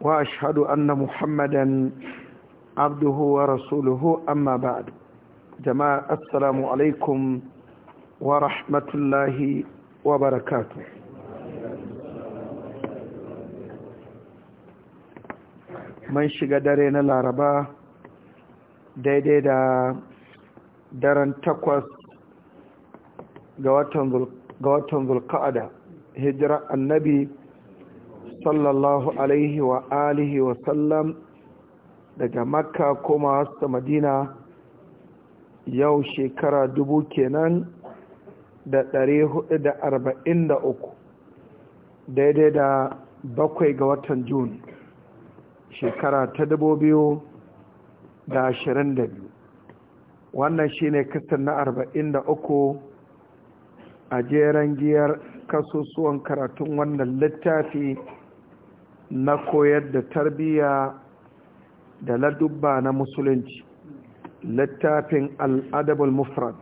وأشهد أن محمدا عبده ورسوله أما بعد جماعة السلام عليكم ورحمة الله وبركاته من shiga dare na laraba daidai da daren takwas ga watan da hijira annabi sallallahu alaihi wa alihi wa sallam daga makka koma wasu madina yau shekara dubu kenan da ɗari hudu da arba'in da uku daidai da bakwai ga watan jun shekara ta dubu biyu da ashirin da biyu wannan shine kasar na arba'in da uku a jeren giyar kasusuwan karatun wannan littafi na koyar da tarbiyya da ladubba na musulunci littafin al'adabul mufrad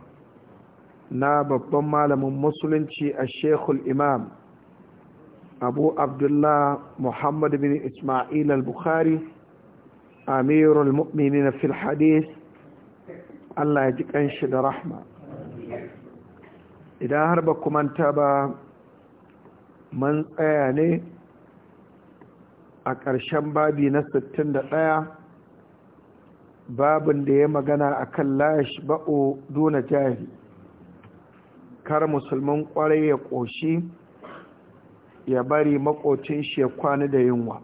na babban malamin musulunci a shekul imam abu abdullah muhammad bin ismail al-bukhari amirul na fil hadith allah ya ji kanshi da rahma idan har ba kumanta ba man tsaya ne a ƙarshen babi na 61 babin da ya magana a kan lash ba'o duna jari kar musulman ƙwarai ya ƙoshi ya bari makocin shi ya kwani da yunwa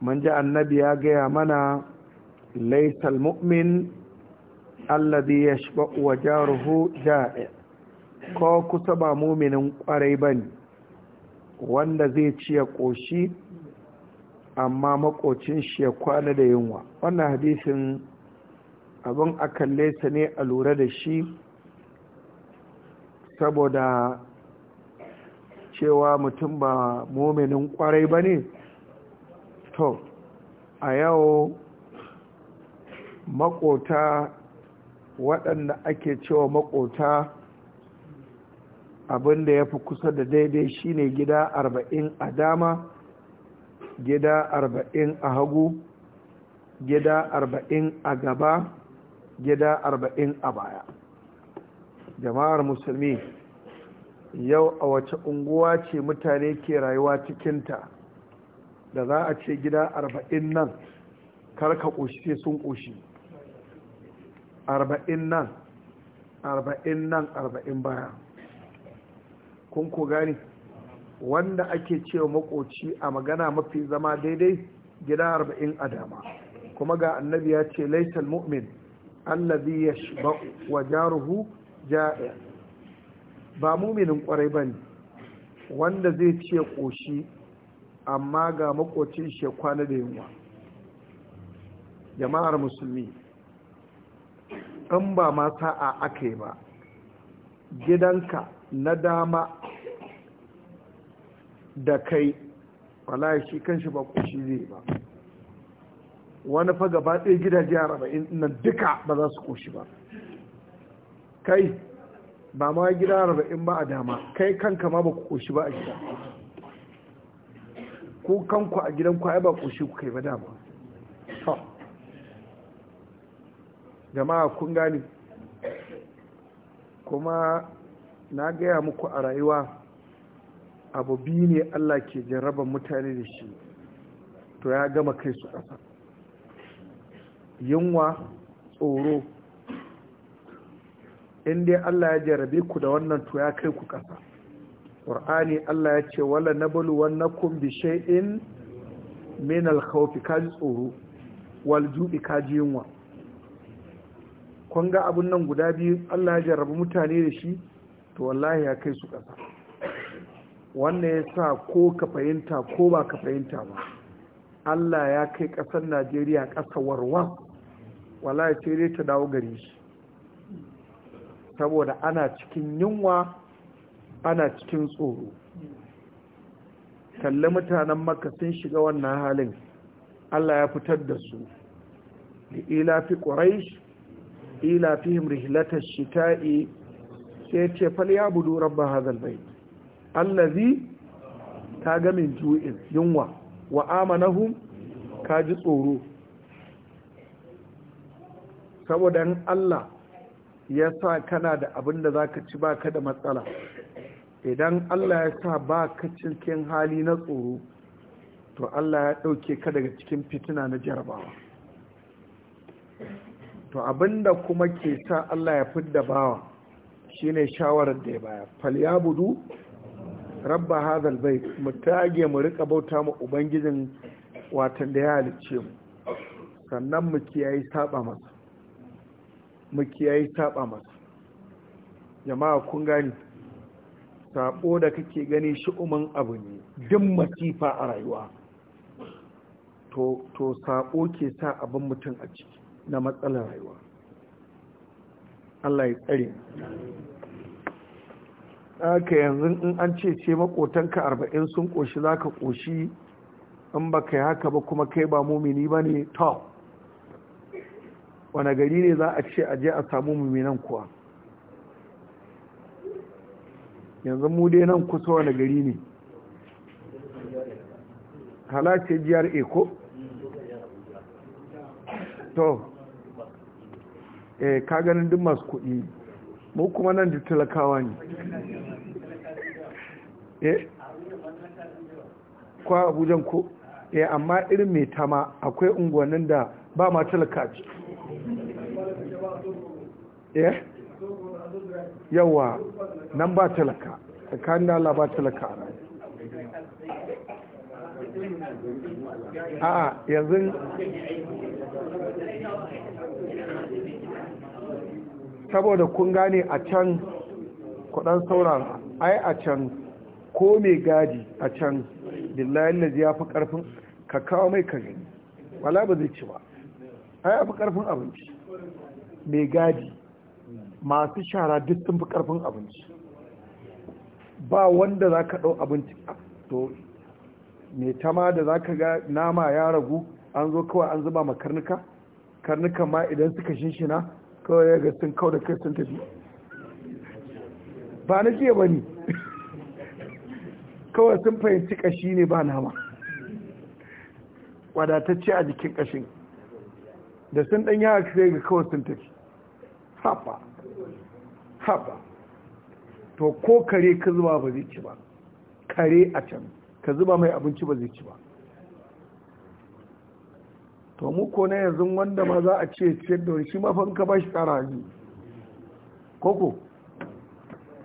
mun ji annabi ya gaya mana laisal mu'min alladhi yashba'u wajaruhu ja'i ko kusa ba muminin ƙwarai bane wanda zai ci ya ƙoshi amma makocin shi ya kwana da yunwa wannan hadisin abin a kalle sa ne a lura da shi saboda cewa mutum ba mominin kwarai ba ne to a yau makota waɗanda ake cewa makota abin da ya fi kusa da daidai shine gida arba'in a dama gida arba'in a hagu gida arba'in a gaba gida arba'in a baya jama'ar musulmi yau a wace unguwa ce mutane ke rayuwa cikinta da za a ce gida arba'in nan karka ƙoshi sai sun ƙoshi arba'in nan arba'in nan arba'in baya kun ku gane wanda ake cewa makoci a magana mafi zama daidai gida arba'in a dama kuma ga annabi ya ce laisal mu'min allazi yashba wa jaruhu ja'i ba muminin kwarai bane wanda zai ce koshi amma ga makocin shi kwana da yunwa jama'ar musulmi in ba ma sa'a aka yi ba gidanka na dama da kai wallahi shi kanshi ba kushi zai ba wani fa gaba ɗaya gidaje arba'in nan duka ba za su kushi ba kai ba ma gida arba'in ba a dama kai kanka ma ba ku kushi ba a gida ku kanku a gidan ku ai ba kushi ku kai ba dama jama'a kun gane kuma na gaya muku a rayuwa abu biyu ne allah ke jarraban mutane da shi to ya gama kai su ƙasa yunwa tsoro in dai allah ya jarrabe ku da wannan to ya kai ku ƙasa ƙur'ani allah ya ce wala na balu na kumbi min alkhawfi kaji tsoro wal kaji yunwa kun ga abun nan guda biyu allah ya jarrabe mutane da shi to wallahi ya kai su ƙasa wannan ya sa ko ka fahimta ko ba ka fahimta ba allah ya kai ƙasar najeriya ƙasa warwa wallahi sai dai ta dawo gari shi saboda ana cikin yunwa ana cikin tsoro kalli mutanen maka sun shiga wannan halin allah ya fitar da su da fi himri, ilafihim rihilatar shita'i sai ce fal ya budu rabba hazal bai allazi ta ga min ju'in yunwa wa amanahum ka ji tsoro saboda in Allah ya sa kana da abin da zaka ci baka da matsala idan Allah ya sa baka cikin hali na tsoro to Allah ya dauke ka daga cikin fitina na jarabawa to abinda kuma ke sa Allah ya fidda bawa shine shawarar da ya baya ya budu rabba hadal bai mu tage mu rika bauta ma ubangijin watan da ya halicce mu sannan mu kiyaye saba masa mu kiyaye saba masa jama'a kun gani sabo da kake gani shi shi'umin abu ne duk masifa a rayuwa to to sabo ke sa abin mutum a ciki na matsalar rayuwa Allah ya tsare aka yanzu in an ce ce makotanka arba'in sun ƙoshi za ka ƙoshi in ba ka yi haka ba kuma kai ba mumini ba ne ta wane gari ne za a ce a je a samu muminan kuwa yanzu mu dai nan kusa wane gari ne halace jiyar eko to eh ka ganin duk masu kuɗi mu kuma nan da talakawa ne eh kwa abujan ko eh amma irin mai tama akwai unguwannin da ba ma talaka ci eh yawa nan ba talaka tsakanin da Allah ba talaka a rayu a'a yanzu saboda kun gane a can kudan saurara ai a can ko mai gadi a can billahi lazi ya fi karfin ka kawo mai ka gani wala ba zai ci ba ai a fi karfin abinci mai gadi masu shara duk sun fi karfin abinci ba wanda za ka ɗau abinci to mai tama da za ka ga nama ya ragu an zo kawai an zuba ma karnuka karnuka ma idan suka shinshina kawai ga sun kau da kai sun tafi ba na jiya ba ne kawai sun fahimci kashi ne ba nama wadatacce a jikin kashin da sun ɗan yawa sai ga kawai sun tafi haɓa haɓa to ko kare ka zuba ba zai ci ba kare a can ka zuba mai abinci ba zai ci ba to mu ko na yanzu wanda ma za a ce ciyar da wani shi mafan fanka ba shi tsara haji koko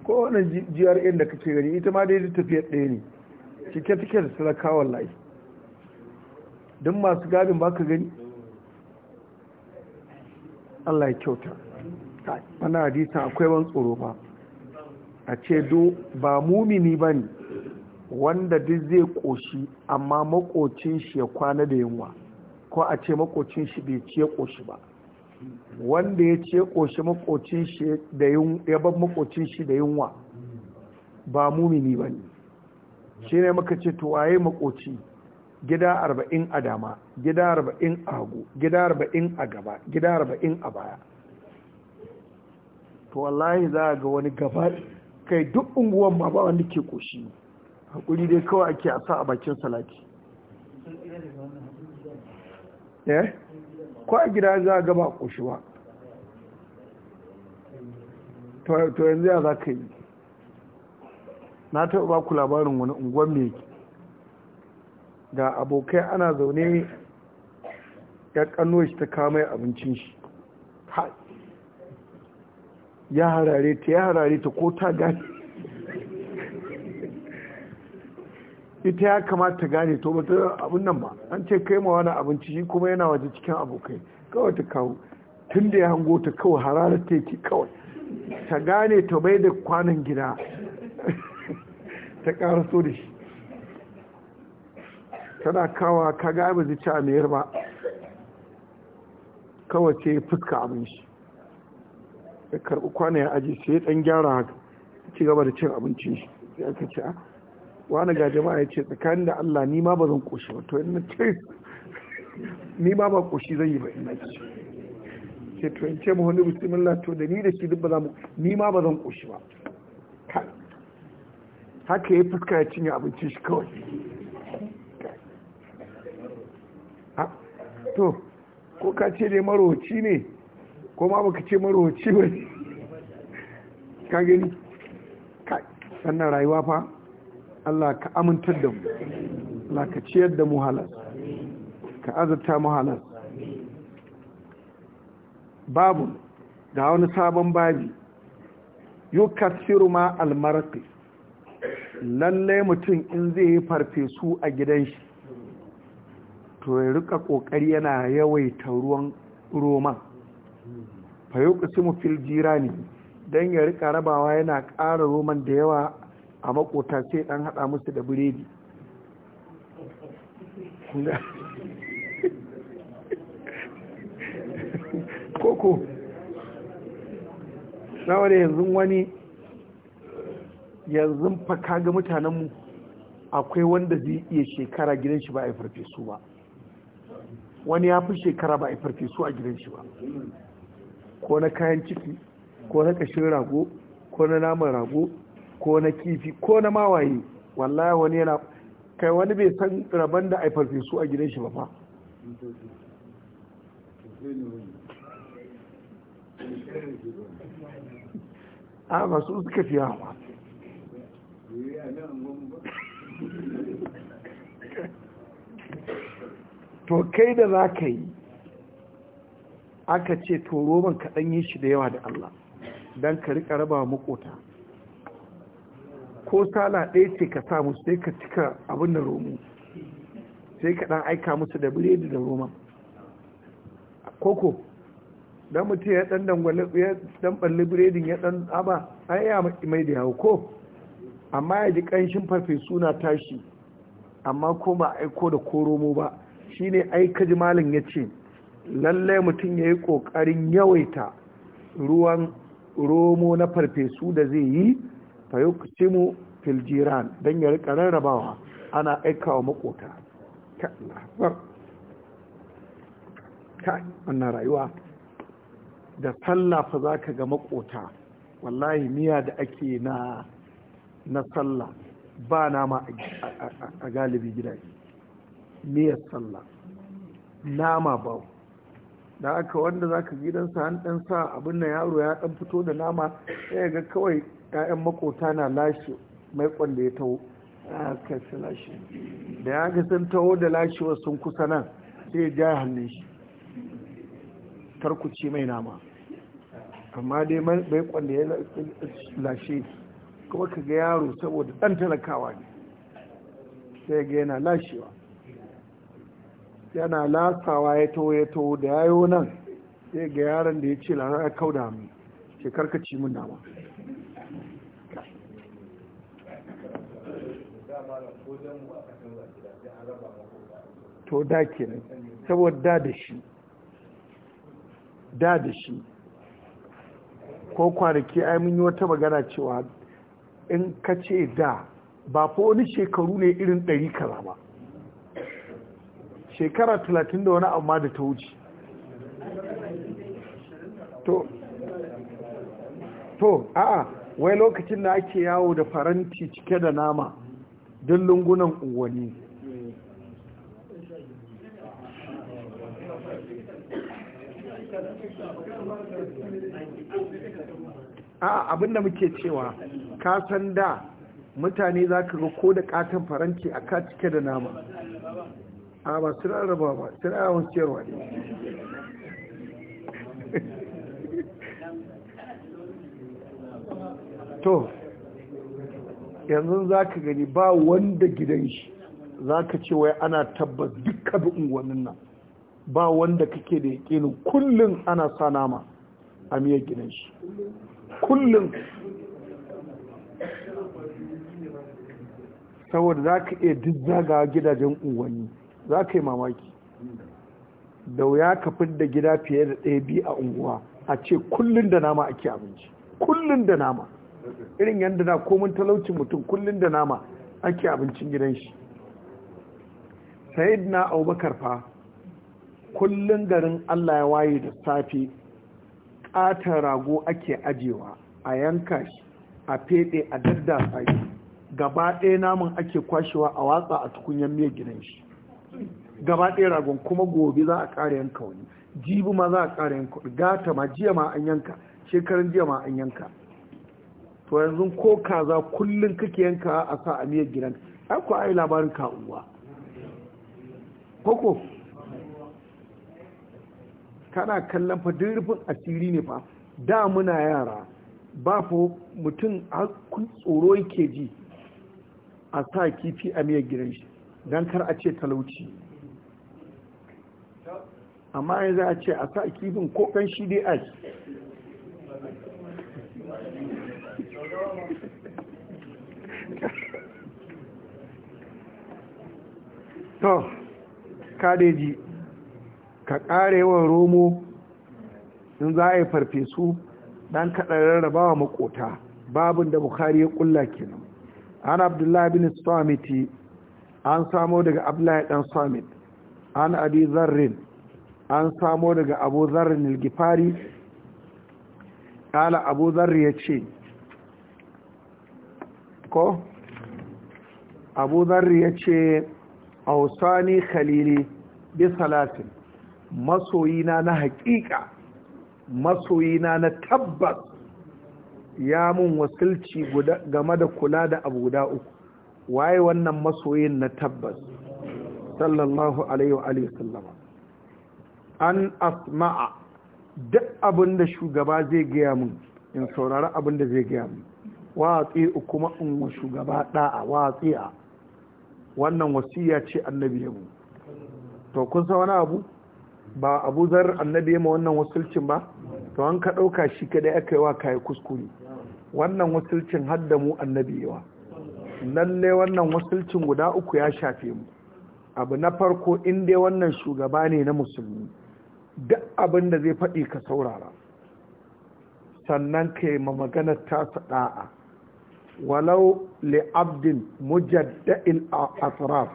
ko wani grn da kake gani ita ma dai tafiyar ɗaya ne cike take da kawon layi don masu gabin ba ka gani allah ya kyauta wani hadisan akwai ban tsoro ba a ce do ba mumini ba ne wanda duk zai koshi amma makocin shi ya kwana da yunwa ko a ce makocin shi bai ce koshi ba wanda ya ce koshi makocin shi da ya bar makocin shi da yunwa ba mumini ba ne shi ne maka ce to waye makoci gida arba'in a dama gida arba'in a hagu gida arba'in a gaba gida arba'in a baya to wallahi za a ga wani gaba kai duk unguwan ma ba wanda ke koshi hakuri dai kawai ake a sa a bakin salati eh ko a gida za ga ba koshi ba to yanzu ya za ka yi na taɓa ba ku labarin wani unguwan mai ga abokai ana zaune ya kano shi ta kama abincin shi ya harare ta ya harare ta ko ta gani ita ya kamata ta gane to bata abin nan ba an ce kai ma wani abinci shi kuma yana waje cikin abokai kawai ta kawo tun da ya hango ta kawai hararar ta yake kawai ta gane ta bai da kwanan gida ta so da shi tana kawa ka ga ba zai ci a mayar ba kawai ce fuska abin shi ya karɓi kwanan ya aji sai ya ɗan gyara haka ci gaba da cin abincin shi sai aka ce ah, wani ga jama'a ya ce tsakanin da Allah ni ma ba zan koshi ba to ina ce ni ma ba koshi zan yi ba ina ce ce to in ce mu wani bismillah to da ni da shi duk ba zamu mu ni ma ba zan koshi ba haka ya fuska ya cinye abincin shi kawai to ko ka ce dai marohaci ne ko ma baka ce marohaci ba ka gani sannan rayuwa fa Allah ka amintar da mu Allah ka ciyar da mu halal. ka azurta mu halal. babu ga wani sabon babi yukassiru ma almarfi lallai mutum in zai yi farfesu a gidan shi to ya rika kokari yana yawaita ruwan roman fa mu fil ne. dan ya rika rabawa yana ƙara roman da yawa a makota sai dan hada musu da biredi koko da yanzu wani yanzu fa mutanen mutanenmu akwai wanda zai iya shekara gidan shi ba a yi farfesu ba wani ya fi shekara ba a yi farfesu a gidan shi ba ko na kayan ciki ko na kashin rago ko na naman rago ko na kifi ko na mawaye wallahi wani yana kai wani bai san rabon da aifar su a gidan shi ba fa a masu suka fi hawa to kai da za ka yi aka ce to roman kaɗan yi shi da yawa da Allah don ka riƙa raba makota ko sala ɗaya ce ka sa musu sai ka cika abin da romo sai ka ɗan aika musu da biredi da roman koko don mutum ya ɗan dangwale ya ɗan ɓalli biredin ya ɗan aba an ya mai da yawo ko amma ya ji ƙanshin fafe suna tashi amma ko ba aiko da ko romo ba shine ai ji malin ya ce lallai mutum ya yi ƙoƙarin yawaita ruwan romo na farfesu da zai yi fayuktimu fil jiran dan ya rika rarrabawa ana aikawa makota ka ka wannan rayuwa da sallah fa zaka ga makota wallahi miya da ake na na sallah ba nama a galibi gidaje salla sallah nama ba da aka wanda zaka gidansa an dan sa abin nan yaro ya dan fito da nama sai ga kawai ƴaƴan makota na lashe mai da ya taho ah, lashe da ya ga sun taho da lashewa sun kusa nan sai ja hannun shi tarkuce mai nama amma dai mai da ya lashe kuma ka ga yaro saboda ɗan talakawa ne sai ga yana lashewa yana lasawa ya taho ya taho da yayo nan sai ga yaron da ya ce lara ya kauda da hannu shekar ka ci mun nama to da kenan saboda da shi da da shi ko kwanaki ai mun yi wata magana cewa in ka ce da ba fa wani shekaru ne irin ɗari kaza ba shekara talatin da wani amma da ta wuce to to a'a wai lokacin da ake yawo da faranti cike da nama duk lungunan unguwanni a da muke cewa ka san da mutane za ka ga ko da katon faranti a ka cike da nama a ba su rarraba ba su wasu cewa ne to yanzu za ka gani ba wanda gidan shi za ka ce wai ana tabbas dukkan unguwannin nan ba wanda kake da yakinin kullum ana sa nama a miyar gidan shi kullum saboda za ka iya dizzaga gidajen unguwanni za ka yi mamaki da wuya ka da gida fiye da ɗaya biyu a unguwa a ce kullum da nama ake abinci kullum da nama irin yadda na komin talaucin mutum kullum da nama ake abincin gidan shi sayid na abubakar fa kullum garin allah ya waye da safe ƙatar rago ake ajewa a yanka shi a feɗe a daddasa shi gaba ɗaya namun ake kwashewa a watsa a tukunyar mai gidan shi gaba ɗaya ragon kuma gobe za a ƙara yanka wani jibi ma za a ƙara yanka gata ma jiya ma an yanka shekarun jiya ma an yanka to yanzu ko kaza kullum kake yanka a sa a miyar gidan ai ko ai labarin ka uwa koko kana kallon fa dirbin asiri ne fa da muna yara ba fa mutum kun tsoro yake ji a sa kifi a miyar gidan shi dan kar a ce talauci amma yanzu a ce a sa kifin ko kan shi dai a to kadeji ka ƙara yawan romo in za a yi farfesu don kaɗarar rabawa makota babin da bukari ya ƙulla kenan an abdullahi bin samiti an samo daga abdullahi dan samit an abi zarrin an samo daga abu zarrin ilgifari ƙala abu zarri ya ce ko abu zarri ya ce ausani khalili bi salatin masoyina na haƙiƙa masoyina na tabbas ya mun wasilci game da kula da abu guda uku waye wannan masoyin na tabbas sallallahu alaihi wa sallama an asma'a duk abinda da shugaba zai gaya mun in saurari abinda da zai gaya mun wa kuma in wa shugaba da'a wa A wannan wasiya ce annabi mu. to kun san wani abu ba abu zar annabi mu wannan wasulcin ba to an ka ɗauka shi kadai aka yi wa kayi kuskure wannan wasulcin har da mu annabi yawa lalle wannan wasulcin guda uku ya shafe mu abu na farko in dai wannan shugaba ne na musulmi duk abin da zai faɗi ka saurara sannan ka yi ma maganar tasa ɗa'a walau li abdin mujadda'il asraf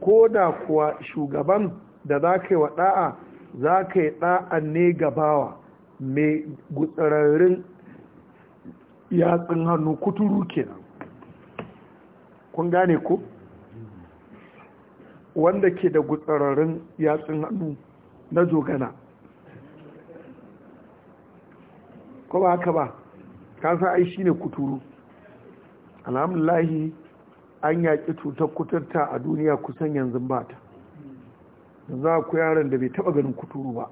ko da kuwa shugaban da za ka yi wa ɗa'a za ka yi ɗa'a ne gabawa mai gutsararrin yatsun hannu kuturu kenan kun gane ku. wanda ke da gutsararrin yatsun hannu na zogana ko ba haka ba ka sa ai shine kuturu alhamdulahi an yaƙi cutar kuturta a duniya kusan yanzu ba ta za ku yaran da bai taɓa ganin kuturu ba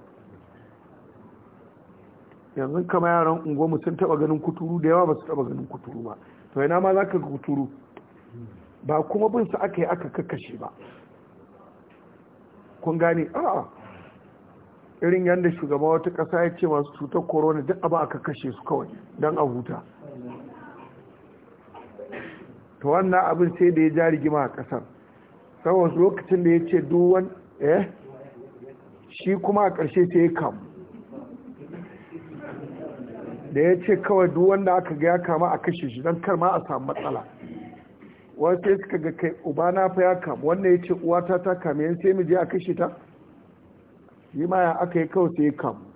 yanzu kama yaran unguwa sun taba ganin kuturu da yawa ba su taɓa ganin kuturu ba to ina ma za ka kuturu ba kuma bin su aka yi aka kakashe ba kun gane a'a irin yadda shugaba wata ƙasa ya ce masu cutar corona duk abu aka kashe su kawai don a huta to wannan abin sai da ya ja rigima a kasar saboda lokacin da ya ce duwan eh shi kuma a ƙarshe sai ya kamu da ya ce kawai da aka ga ya kama a kashe shi don kar ma a samu matsala wani sai suka ga kai na fa ya kamu wannan ya ce uwata ta kama yan sai mu je a kashe ta yi ma ya aka yi kawai sai ya kamu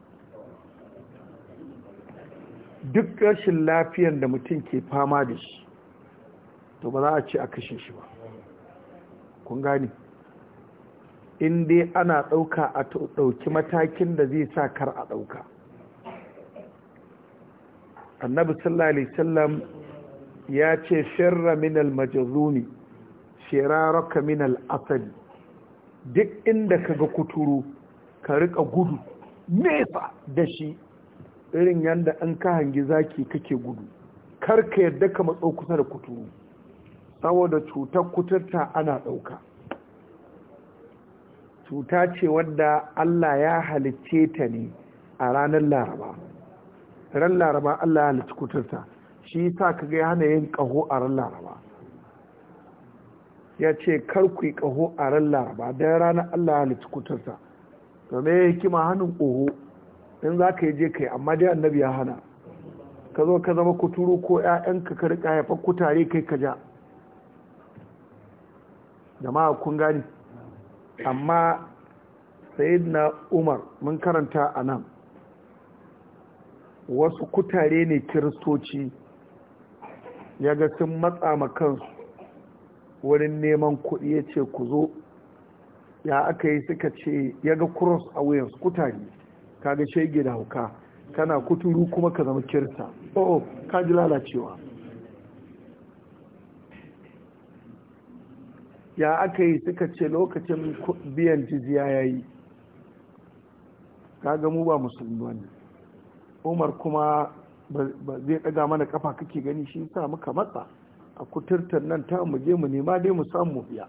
duk rashin lafiyan da mutum ke fama da shi to ba za a ce a kashe shi ba kun gani in dai ana ɗauka a ɗauki matakin da zai sa kar a ɗauka annabi sallallahu alaihi sallam ya ce shirra min al shiraraka min asali duk inda ka ga kuturu ka riƙa gudu nefa da shi irin yadda an ka hangi zaki kake gudu kar ka yadda ka matso kusa da kuturu saboda cutar kuturta ana ɗauka cuta ce wadda Allah ya halicce ta ne a ranar laraba ran laraba Allah ya halicci kuturta shi sa ka ga hana yin ƙaho a ran laraba ya ce karku yi ƙaho a ran laraba don ranar Allah ya halicci kuturta to ya hikima hannun ƙoho in za ka yi je kai amma dai annabi ya hana ka zo ka zama kuturu ko 'ya'yanka ka riƙa haifar kutare kai ka ja jama'a kun gani amma na umar mun karanta a nan wasu kutare ne kiristoci ya ga sun matsa ma kansu wurin neman kuɗi ya ce ku zo ya aka yi suka ce ya ga cross a wuyansu kutare kaga shege da hauka kana kuturu kuma ka zama kirista oh, oh ka ji lalacewa ya aka yi suka ce lokacin biyan jiziya ya yi kaga mu ba musulmi wani umar kuma ba zai ɗaga mana kafa kake gani shi sa muka matsa a kuturtar nan ta mu je mu nema dai mu samu biya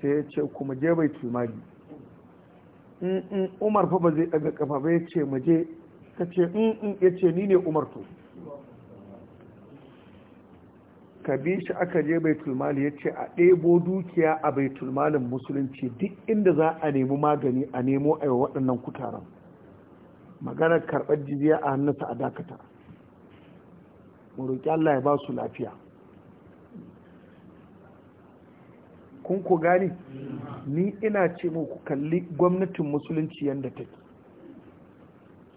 sai ya ce kuma je bai kimani umar fa ba zai ɗaga kafa ba ya ce mu je ka ce in ya ce ni ne umar to ka bi shi aka je baitulmali ya ce a ɗebo dukiya a baitulmalin musulunci duk inda za a nemi magani a nemo a yi waɗannan kutaran maganar karɓar jiziya a hannunsa a dakata mu roƙi Allah ya ba su lafiya kun ku gani ni ina ce muku kalli gwamnatin musulunci yadda take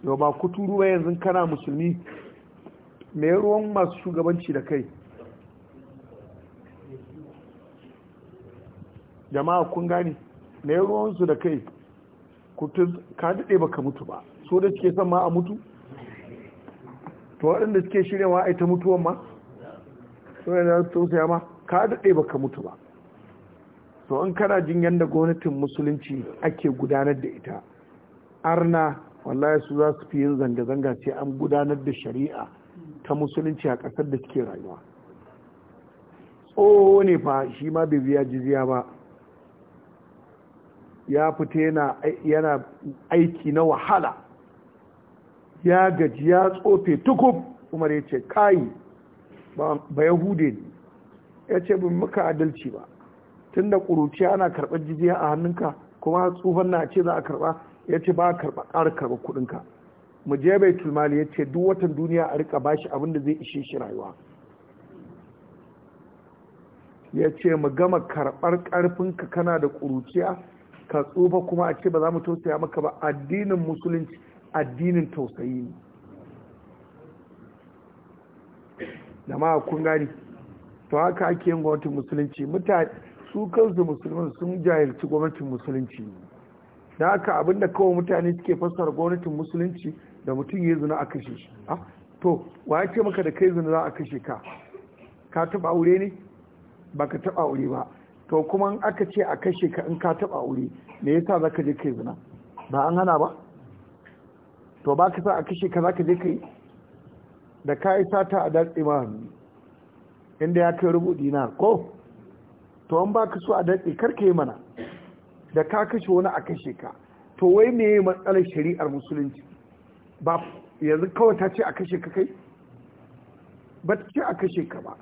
yau ba turu ba yanzu kana musulmi mai ruwan masu shugabanci da kai jama'a kun gane yi ruwansu da kai ka daɗe baka mutu ba so da suke son ma a mutu to waɗanda suke shirya a ta mutuwan ma so da su saya ma ka daɗe baka mutu ba to in kana jin yadda gwamnatin musulunci ake gudanar da ita arna wallahi su za su fi yin zanga-zanga sai an gudanar da shari'a ta musulunci a ƙasar da suke rayuwa tsoho ne fa shi ma bai biya jizya ba ya fita yana aiki na wahala ya gaji ya tsofe tukub umar ya ce kayi ba yahude ne ya ce bin maka adalci ba tun da ƙuruciya ana karɓar jijiya a hannunka kuma tsufan na ce za a karɓa ya ce ba a karɓa ƙara karɓar kuɗinka mu je bai tulmali ya ce duk watan duniya a rika bashi abin da zai ishe shi rayuwa ya ce mu gama karɓar ƙarfinka kana da ƙuruciya ka tsufa kuma a ce ba za mu tausaya maka ba addinin musulunci addinin tausayi ne da ma kun gani to haka ake yin gwamnatin musulunci mutane su kansu musulman sun jahilci gwamnatin musulunci ne da haka abinda kawai mutane suke fassara gwamnatin musulunci da mutum ya zina a kashe shi to wa ya ce maka da kai zina za a kashe ka ka taba aure ne ba ka taba aure ba to kuma aka ce a kashe ka in ka taba aure me yasa zaka je kai zina ba an hana ba to ba ka sa a kashe ka zaka je kai da kai sata a datse ma inda ya kai rubu dina ko to an ba ka so a datse ka yi mana da ka kashe wani a kashe ka to wai me matsalar shari'ar musulunci ba yanzu kawai ta ce a kashe ka kai ba ta ce a kashe ka ba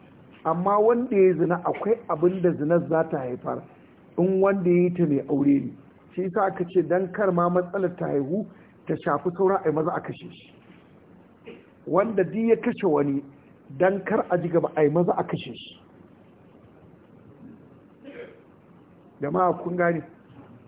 amma wanda ya zina akwai abin da zinar za ta haifar in wanda ya yi ta mai aure ne shi sa aka ce don kar ma matsalar ta haihu ta shafi sauran ai maza a kashe shi wanda duk ya kashe wani don kar a ji gaba ai maza a kashe shi jama'a kun gane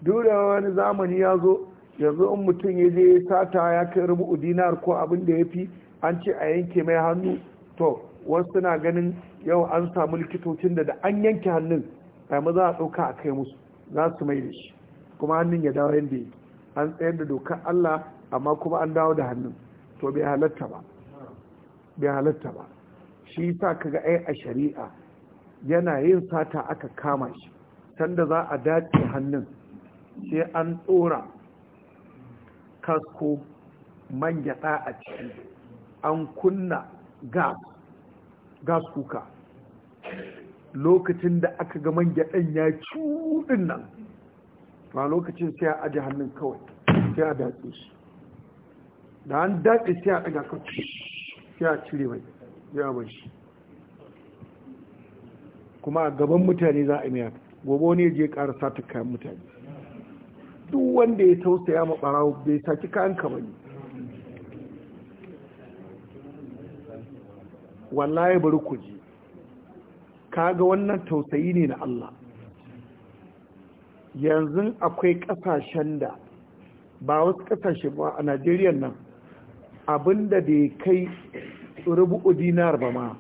duk da wani zamani ya zo yanzu in mutum ya je sata ya kai rubu dinar ko abin da ya fi an ce a yanke mai hannu to wasu na ganin yau an samu likitocin da da an yanke hannun ai maza a ɗauka a kai musu za su mai da shi kuma hannun ya dawo yadda yake an tsayar da dokar Allah amma kuma an dawo da hannun to bai halatta ba bai halatta ba shi sa kaga ai a shari'a yana yin sata aka kama shi sanda za a dace hannun sai an tsora kasko man gyaɗa a ciki an kunna gas gas kuka lokacin da aka ga man gyaɗan ya cuɗin nan ba lokacin sai a aji hannun kawai sai a daɗe shi da an daɗe sai a ɗaga kawai sai a cire mai ya mai shi kuma a gaban mutane za a miya gobe gobe ya je ƙara sata kayan mutane duk wanda ya tausaya ma ɓarawo bai saki kayan ka ne wallahi bari ku kaga wannan tausayi ne na Allah yanzu akwai kasashen da ba wasu kasashe ba a Najeriya nan abinda bai kai rubu'u dinar ba ma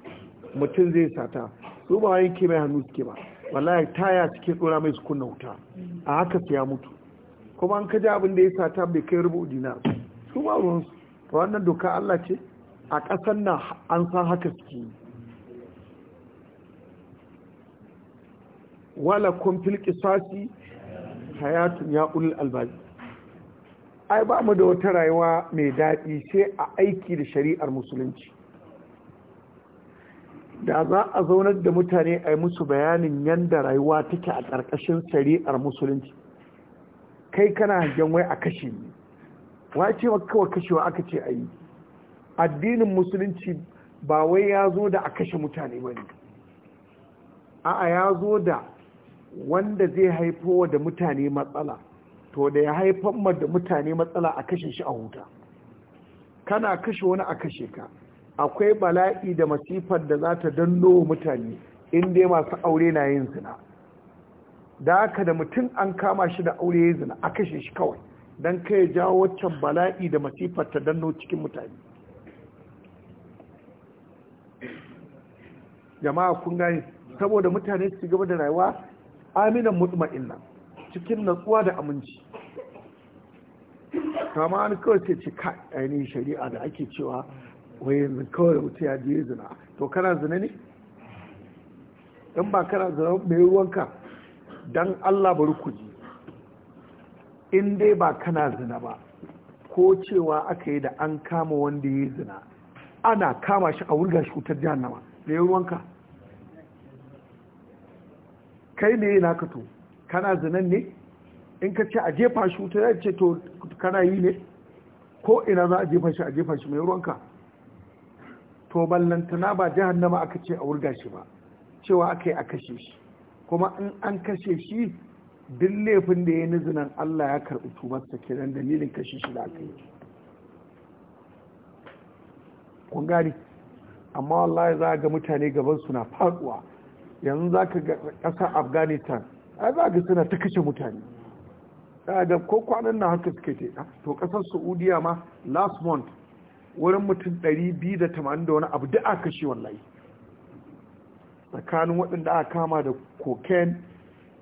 mutum zai sata su ba yanke mai hannu suke ba wallahi taya suke tsora mai su wuta a haka su ya mutu kuma an kaji abin da ya sata bai kai rubu'u dinar su ba ruwansu wannan doka Allah ce a ƙasan nan an san haka suke yi wala kumfil kisasi hayatun ya ulul albazi ai ba mu da wata rayuwa mai daɗi sai a aiki da shari'ar musulunci da za a zaunar da mutane a yi musu bayanin yadda rayuwa take a ƙarƙashin shari'ar musulunci kai kana hangen wai a kashe ne wace kawai kashewa aka ce a yi addinin musulunci ba wai ya zo da a kashe mutane ba ne a'a ya zo da wanda zai haifo da mutane matsala to da ya haifan da mutane matsala a kashe shi a huta kana kashe wani a kashe ka akwai bala'i da masifar da za ta danno mutane inda masu aure na yin zina da haka da mutum an kama shi da aure ya zina a kashe shi kawai don kai jawo waccan bala'i da masifar ta danno cikin mutane jama'a kun gani saboda mutane su gaba da rayuwa aminan mutma'inna cikin natsuwa da aminci kama an kawai ce ci ka ainihin shari'a da ake cewa wai kawai mutu ya je zina to kana zina ne in ba kana zina mai ruwanka don allah bari ku ji in dai ba kana zina ba ko cewa aka yi da an kama wanda ya zina ana kama shi a wurga shi wutar jihannama mai ruwanka kai ne na ka to kana zinan ne in ka ce a jefa shi wuta ya ce to kana yi ne ko ina za a jefa shi a jefa shi mai ruwanka to ballantana ba jahannama aka ce a wurga shi ba cewa aka yi a kashe shi kuma in an kashe shi duk laifin da ya yi zinan Allah ya karɓi tubarsa kenan dalilin kashe shi da aka yi kun gani amma wallahi za a ga mutane gaban na faduwa yanzu za ka ga ƙasar afghanistan ai za ga suna ta kashe mutane da ko kwanan na haka suke ce ah, to ƙasar saudiya ma last month wurin mutum 280 da wani abu da aka kashe wallahi tsakanin waɗanda aka kama da cocaine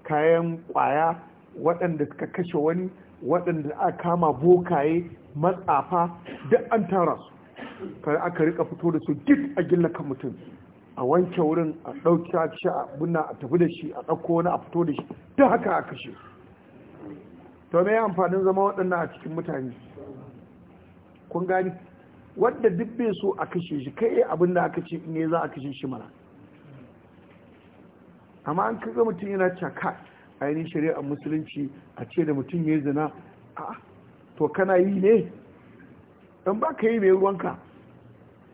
kayan ƙwaya waɗanda suka kashe wani waɗanda aka kama bokaye matsafa duk an tara su aka rika fito da su duk a gilla mutum a wanke wurin a ɗauki shi a buna a tafi da shi a ɗauko wani a fito da shi ta haka a kashe to me amfanin zama waɗannan a cikin mutane kun gani wadda duk bai so a kashe shi kai abin da aka ce ne za a kashe shi mana amma an kaga mutum yana caka ainihin shari'ar musulunci a ce da mutum ya zina a to kana yi ne in ba ka yi mai ruwanka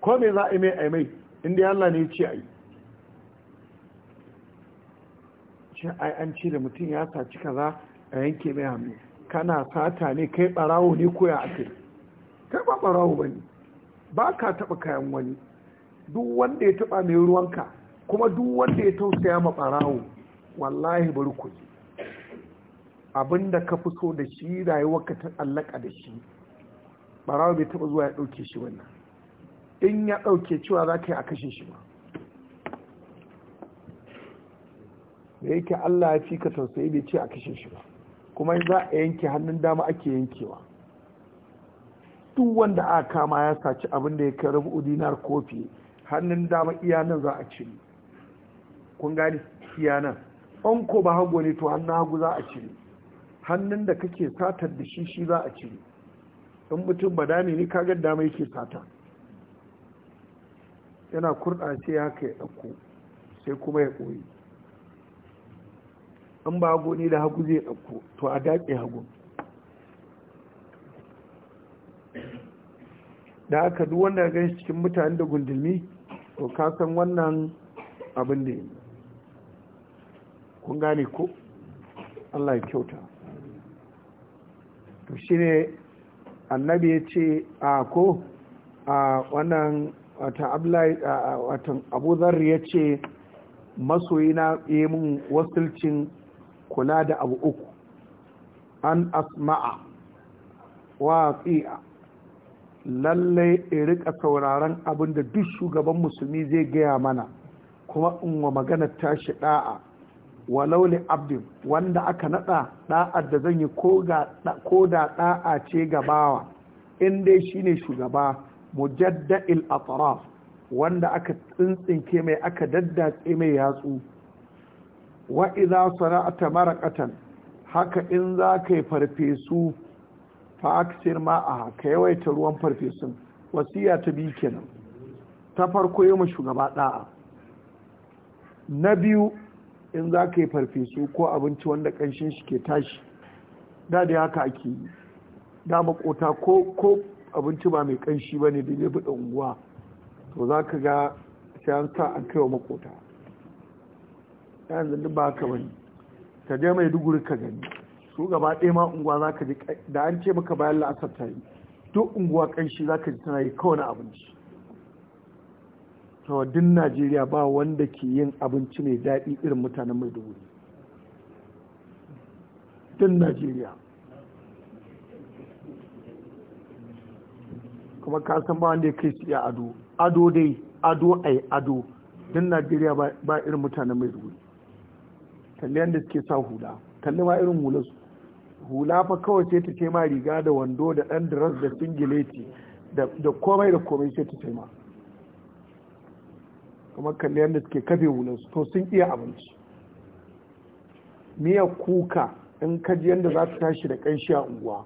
ko me za a yi mai aimai inda Allah ne ya ce ai ce ai an ce da mutum ya saci kaza a yanke mai hannu kana sata ne kai barawo ne koya a ake kai ba barawo ba ba ka taɓa kayan wani duk wanda ya taɓa mai ruwanka kuma duk wanda ya tausaya ma barawo wallahi bari ku abin da ka fi so da shi rayuwarka ta tsallaka da shi barawo bai taba zuwa ya ɗauke shi wannan in ya ɗauke cewa za ka yi a kashe shi ba da yake Allah ya fi ka tausayi bai ce a kashe shi ba kuma za a yanke hannun dama ake yankewa duk wanda aka kama ya saci abin da ya kai rabu dinar kofi hannun dama iyanan za a cire kun gani iyanan an ko ba hagu ne to hannun hagu za a cire hannun da kake satar da shi shi za a cire in mutum ba dame ne kagar dama yake satar. yana kurɗace haka ya ɗauko sai kuma ya ɓoye an ba hagu ne da hagu zai ɗauko to a daƙe hagu da aka duk wanda gan cikin mutane da gundulmi to ka san wannan abin da yi kun gane ko Allah ya kyauta to shi annabi ya ce a ko a wannan watan abu zarri ya ce masoyina yi mun wasilcin kula da abu uku an asma'a wa lallai in riƙa sauraron abin da duk shugaban musulmi zai gaya mana kuma in wa magana tashi da'a walau li abdin wanda aka nada da'ar da zan yi ko da da'a ce gabawa in dai shine shugaba mujadda'il atraf wanda aka tsintsinke mai aka daddatse mai yatsu wa idza sara'ta maraqatan haka in za ka yi farfesu fa aksir a ka yawaita ruwan farfesun wasiya ta biyu kenan ta farko yi ma shugaba da'a na biyu in za ka yi farfesu ko abinci wanda kanshin shi ke tashi da da haka ake yi da makota ko abinci ba mai kanshi ba ne da ya buɗe unguwa to za ka ga sai an kai wa makota yanzu duk ba ka bane ka je mai duguri ka gani su gaba ɗaya ma unguwa za ka ji da an ce maka bayan la'asar ta yi duk unguwa kanshi za ka ji tana yi kawai abinci tawaddin najeriya ba wanda ke yin abinci mai daɗi irin mutanen maiduguri din najeriya kuma ka san ba wanda ya kai su iya ado ado dai ado ai ado din najeriya ba irin mutanen mai zuwa kalli yadda suke sa hula kalli ma irin hula su hula fa kawai sai ta taima riga da wando da ɗan dras da singileti da komai da komai sai ta taima kuma kalli yadda suke kafe hulan su to sun iya abinci miya kuka in ka ji yadda za ta tashi da ƙanshi a unguwa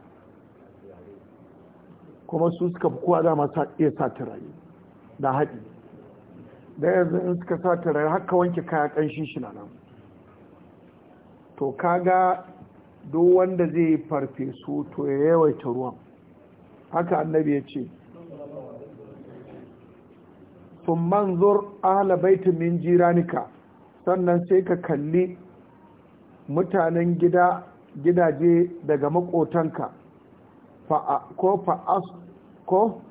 kuma su suka fi kowa dama iya sa turaye da haɗi da yanzu in suka sa rayu haka wanke kaya ƙanshi shi na nan to kaga duk wanda zai farfesu to ya yawaita ruwan haka annabi ya ce sun manzur ahla baitin min jiranika sannan sai ka kalli mutanen gida gidaje daga makotanka ko fa'as ko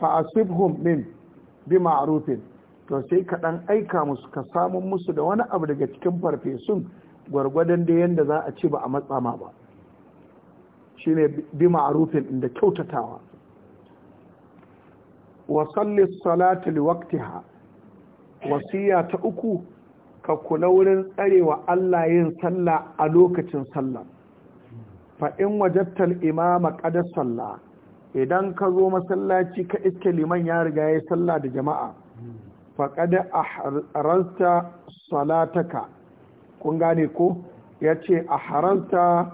fa'asibhum min bi ma'rufin to sai ka dan aika musu ka samu musu da wani abu daga cikin farfesun gwargwadon da yanda za a ci ba a matsa ma ba shine bi ma'rufin inda kyautatawa wa salli salati li waqtiha wasiya ta uku ka kula wurin tsarewa Allah yin sallah a lokacin sallah fa in al imama qada sallah idan ka zo masallaci ka iske liman ya riga ya sallah da jama'a faƙada a ransa salataka kun gane ko ya ce a haranta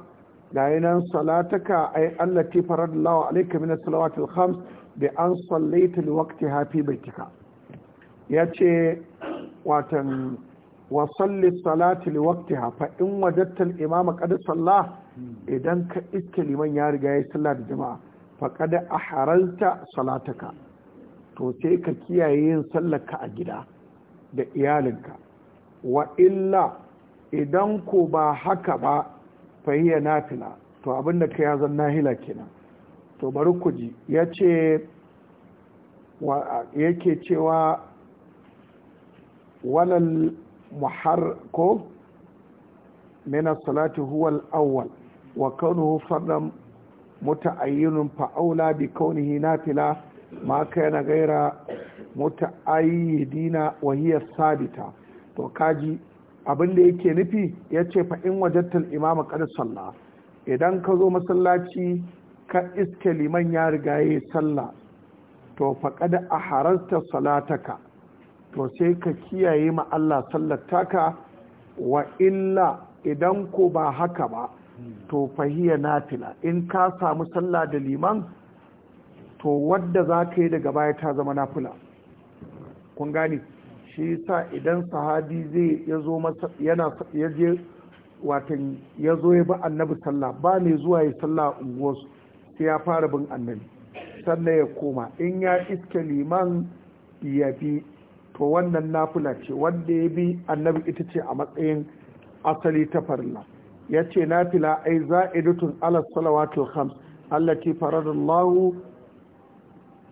ga salataka ai Allah ti farar lawa alaika min salawatul khams da an sallaita li waqti hafi baitika ya ce watan wa salli salati li waqtiha fa in wajadta al imama qad salla idan ka iske liman ya riga ya sallah da jama'a faƙada a haranta salataka to sai ka kiyaye yin sallaka a gida da iyalinka wa illa idan ko ba haka ba fahiyya nafila to abinda ka ya zan nahila kenan to bari ku ji ya ce yake cewa walal muhar ko mena salati huwal awwal wa kanu fardan muta'ayyinun fa'aula bi kaunihi nafila ma kana gaira muta'ayyidina wa hiya sabita to kaji abin da yake nufi yace fa in al imama qad salla idan ka zo masallaci ka iske liman ya riga yi sallah to fa qad aharasta salataka to sai ka kiyaye ma Allah sallar taka wa illa idan ko ba haka ba to fahiya nafila in ka samu sallah da liman to wadda za ka yi daga baya ta zama nafila kun gani shi sa idan sahabi zai ya zo ya je watan ya zo ya bi annabi sallah ba mai zuwa ya sallah a unguwarsu sai ya fara bin annabi sannan ya koma in ya iska liman ya bi to wannan nafila ce wanda ya bi annabi ita ce a matsayin asali ta farilla ya ce nafila ai za'idutun ala salawatul khams allati faradallahu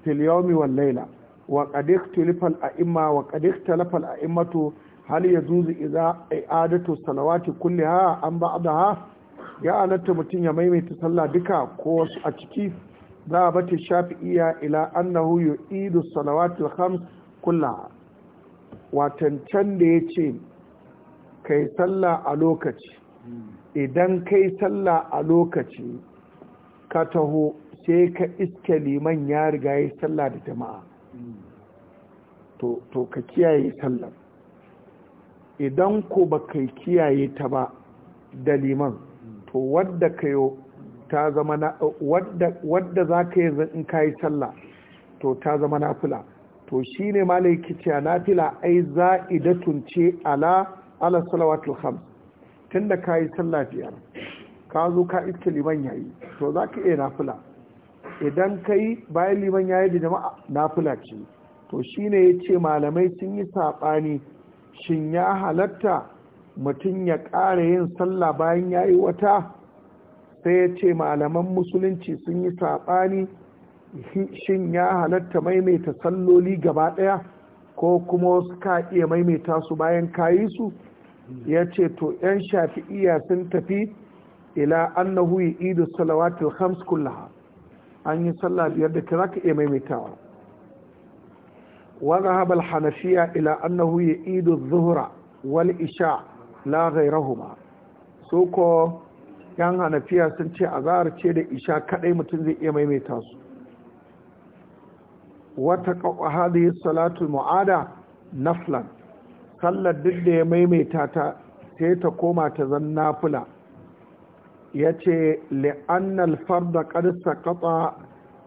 fil yawmi wal layla wa qad ikhtalafa al a'imma wa qad ikhtalafa al a'immatu hal yajuzu idza i'adatu salawati kulliha an ba'daha ya anatta mutun ya maimaita sallah duka ko wasu a ciki ذهبت الشافعية إلى أنه يعيد الصلوات da ya ce kai sallah a lokaci. idan kai sallah a lokaci ka taho sai ka iske liman ya riga ya sallah da jama'a to ka kiyaye sallar idan ko ba kai kiyaye ta ba da liman to wadda kayo ta zama na wadda za ka yi in ka yi sallah to ta zama nafila to shi ne malaiki ce a nafila ai za'idatun ce ala ala salawatul khams tun da ka yi sallah biyar ka zo ka iske liman yayi to za ka iya nafila idan ka yi bayan liman yayi da jama'a nafila ce to shine ya ce malamai sun yi saɓani shin ya halatta mutum ya ƙara yin sallah bayan yayi wata sai ya ce malaman musulunci sun yi saɓani shin ya halatta maimaita salloli gaba ɗaya ko kuma wasu ka iya maimaita su bayan kayi su ya ce to 'yan shafi'iya sun tafi ila annahu ya idu salawatul khams kullaha an yi sallah biyar da kira ka iya maimaitawa wani habal hanafiya ila annahu ya idu zuhura wal isha la ghairahuma so ko yan hanafiya sun ce a zahar ce da isha kadai mutum zai iya maimaita su wata hadhihi salatul mu'ada naflan sallar duk da ya maimaita ta sai ta koma ta zan nafula, ya ce li'annal farda ƙarsa kaɓa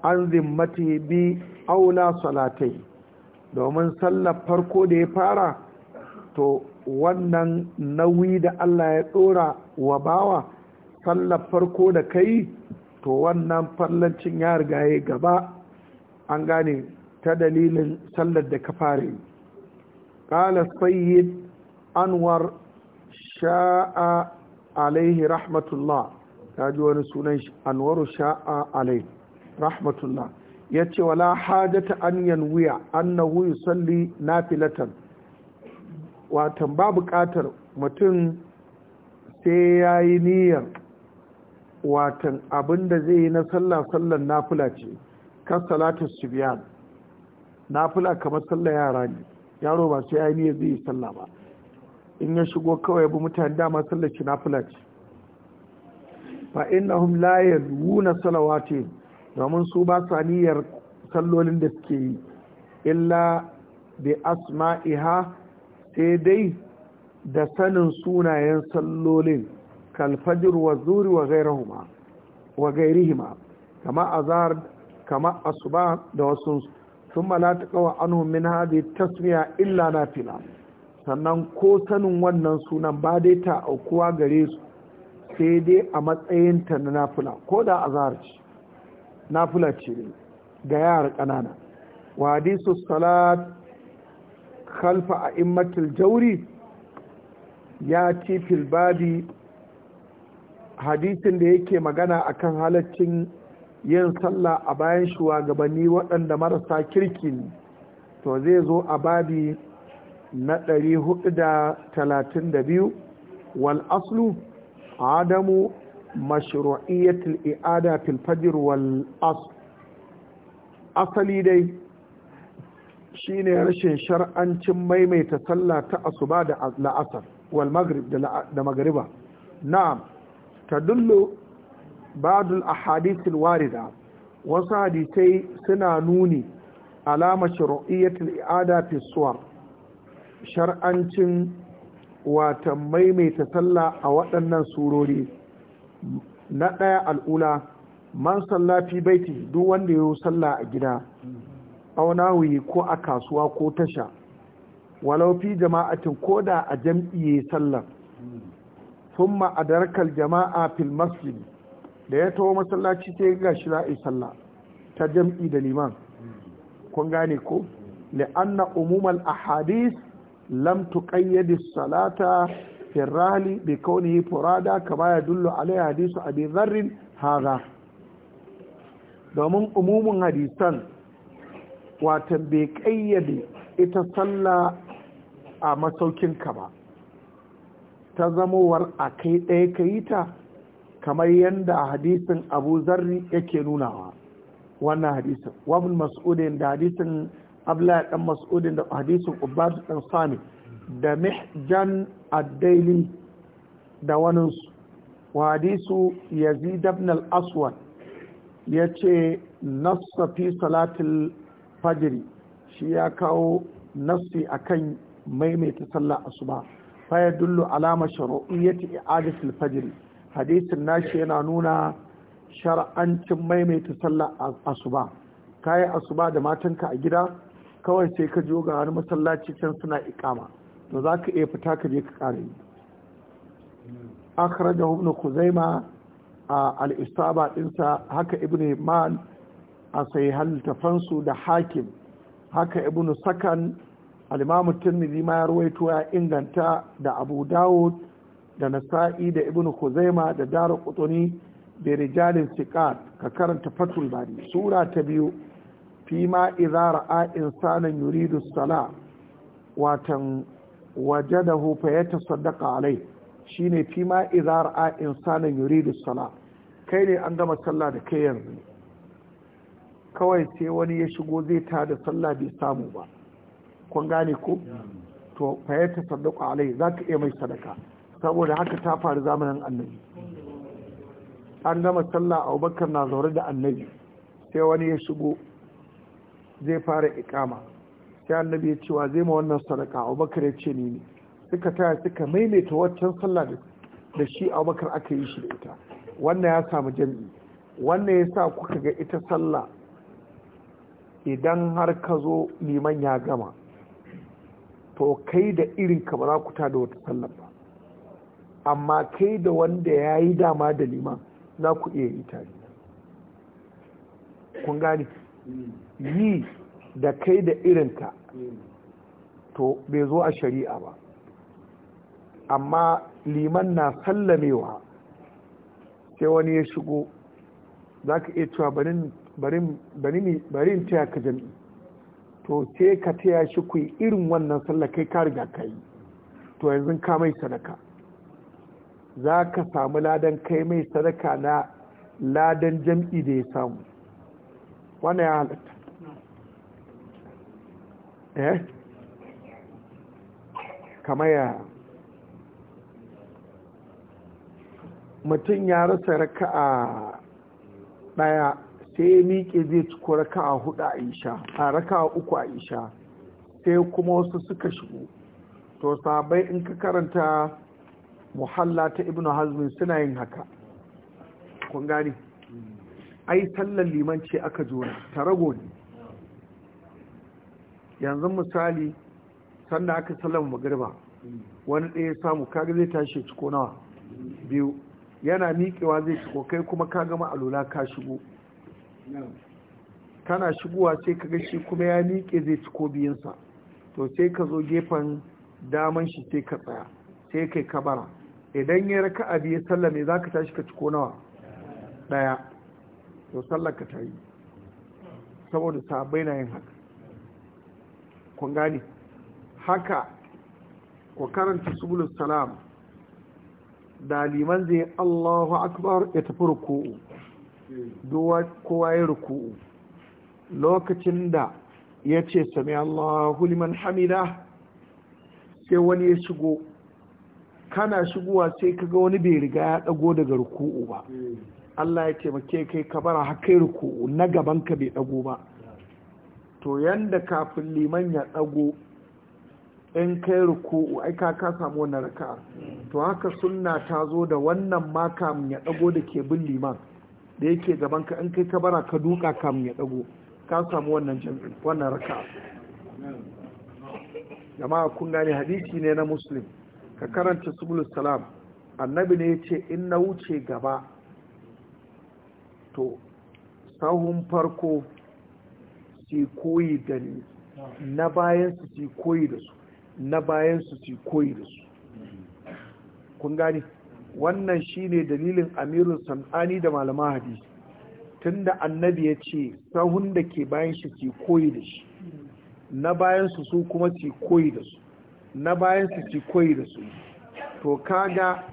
an zimmati bi aula salatai domin sallar farko da ya fara to wannan nauyi da Allah ya tsora wa bawa sallar farko da kai to wannan fallancin ya riga ya gaba an gane ta dalilin sallar da ka fara yi ƙala sayyid anwar sha'a alaihi rahmatullah ta ji wani sunan anwaru sha'a alaihi rahmatullah ya ce wala hajata an yanwiya annahu yusalli nafilatan watan ba buƙatar mutum sai ya yi niyyar watan abin da zai yi na sallah sallan nafila ce kan salatu subiyan nafila kamar sallar yara ne yaro ba sai ya zai yi sallah ba in ya shigo kawai bi mutane dama sallar na nafila ce fa innahum la wuna salawati domin su ba sa niyyar sallolin da suke yi illa bi asma'iha sai dai da sanin sunayen sallolin kalfajir wa zuri wa gairahuma wa gairihima kama a kama asuba da wasu ثم لا تقوى عنه من هذه التسمية إلا نافلة sannan ko sanin wannan sunan ba dai ta aukuwa gare su sai dai a ta na nafula ko da azhar ce nafula ce ga yara ƙanana wa hadisu salat khalfa a immatul jauri ya ci babi hadisin da yake magana akan halaccin yin sallah a bayan shugabanni waɗanda marasa kirki ne to zai zo a babi na 432 wal aslu adamu mashru'iyyatul i'ada fil fajr wal asl asali dai shine rashin shar'ancin maimaita sallah ta asuba da la'asar wal maghrib da magriba na'am tadullu ba'dul ahadithil warida wasu hadisai suna nuni alamar shar'iyyatul i'ada fi suwar shar'ancin watan maimaita sallah a waɗannan surori na ɗaya al'ula man salla fi baiti duk wanda ya yi sallah a gida aunawi ko a kasuwa ko tasha walau fi jama'atin ko da a jam'i ya yi sallah sun ma'adarkar jama'a fil da ya taho masallaci sai ga gashi za a yi salla ta jam'i da liman kun gane ko li'anna umumal ahadis lam tuqayyad as-salata fi bi kawnihi furada kama yadullu alayhi hadisu abi dharr hadha domin umumin hadisan watan bai kayyade ita sallah a masaukin ka ba ta zamowar a kai ɗaya ka ta kamar yadda hadisin abu zarri yake nunawa wannan hadisin wabin mas'udin da hadisin abla dan mas'udin da hadisin ubad dan sami da mihjan ad da waninsu wa hadisu yazid ibn al-aswad yace nassa fi salatil fajri shi ya kawo nassi akan maimaita sallar asuba fa yadullu ala mashru'iyyati i'adatil fajiri. hadisin nashi yana nuna shar'ancin maimaita sallar asuba kayi asuba da matanka a gida kawai sai ka jiyo ga wani masallaci can suna ikama to za ka iya fita ka je ka ƙara yi akhrajahu ibn kuzaima a al-istaba dinsa haka ibn man a sai tafansu da hakim haka ibn sakan al-imam tirmidhi ma ya ruwaito ya inganta da abu dawud da nasa'i da ibn khuzaima da daru qutni bi rijalin siqat ka karanta fatul bari sura ta biyu fi ma idza ra'a insanan yuridu sala watan wajadahu fa yatasaddaqa alai shine fi ma idza ra'a insanan yuridu sala kai ne an gama sallah da kai yanzu kawai sai wani ya shigo zai ta da sallah bai samu ba kun gane ko to fa yatasaddaqa alai zaka iya mai sadaka saboda haka ta faru zamanin annabi an gama sallah abubakar na zaure da annabi sai wani ya shigo zai fara ikama sai annabi ya cewa zai ma wannan sadaka abubakar ya ce ni ne suka taya suka maimaita waccan sallah da shi abubakar aka yi shi da ita wannan ya samu jami'i wannan ya sa kuka ga ita sallah idan har ka zo liman ya gama to kai da irin ka ba ku ta da wata sallah ba amma kai da wanda ya yi dama da liman za ku iya yi tare kun gani yi da kai da irinka to bai zo a shari'a ba amma liman na sallamewa sai wani ya shigo za ka iya cewa barin taya ka jami'i to sai ka taya shi ku irin wannan sallah kai ka riga ka yi to yanzu ka mai sadaka za ka samu ladan kai mai sadaka na ladan jam'i da ya samu wannan ya halatta eh kama ya mutum ya rasa raka'a ɗaya sai ya miƙe zai ciko raka'a hudu a isha a raka'a uku a isha sai kuma wasu suka shigo to sabai in ka karanta muhalla ta ibn hazmin suna yin haka kun gani ai sallar liman ce aka jona ta rago ne yanzu misali sanda aka sallar magriba wani ɗaya samu kaga zai tashi ciko nawa biyu yana miƙewa zai ciko kai kuma ka gama alola ka shigo kana shigowa sai ka shi kuma ya miƙe zai ciko biyansa to sai ka zo gefen daman shi sai ka tsaya sai kai kabara idan ya raka a biye sallah mai za ka tashi ka ciko nawa daya to sallar ka ta yi saboda sabai na yin haka kun gane haka ko karanta subul salam da liman zai allahu akbar ya tafi ruku'u kowa ya ruku'u lokacin da ya ce sami allahu liman hamida sai wani ya shigo kana shigowa sai kaga wani bai riga ya dago daga ruku'u ba Allah ya taimake kai ka bara har kai ruku'u na gaban ka bai dago ba to yanda kafin liman ya dago in kai ruku'u ai ka ka samu wannan raka'a to haka sunna ta zo da wannan ma kamin ya dago da ke bin liman da yake gaban ka in kai ka bara ka duka kamin ya dago ka samu wannan wannan raka'a jama'a kun gane hadisi ne na muslim ka karanta subulus salam annabi ne ya ce in na wuce gaba to sahun farko su koyi da ni na bayan su su koyi da su na bayan su su koyi da su kun gani wannan shine dalilin amirul sam'ani da malama hadisi tunda annabi ya ce sahun da ke bayan shi su koyi da shi na bayan su su kuma su koyi da su na bayan su ci koyi da su to kaga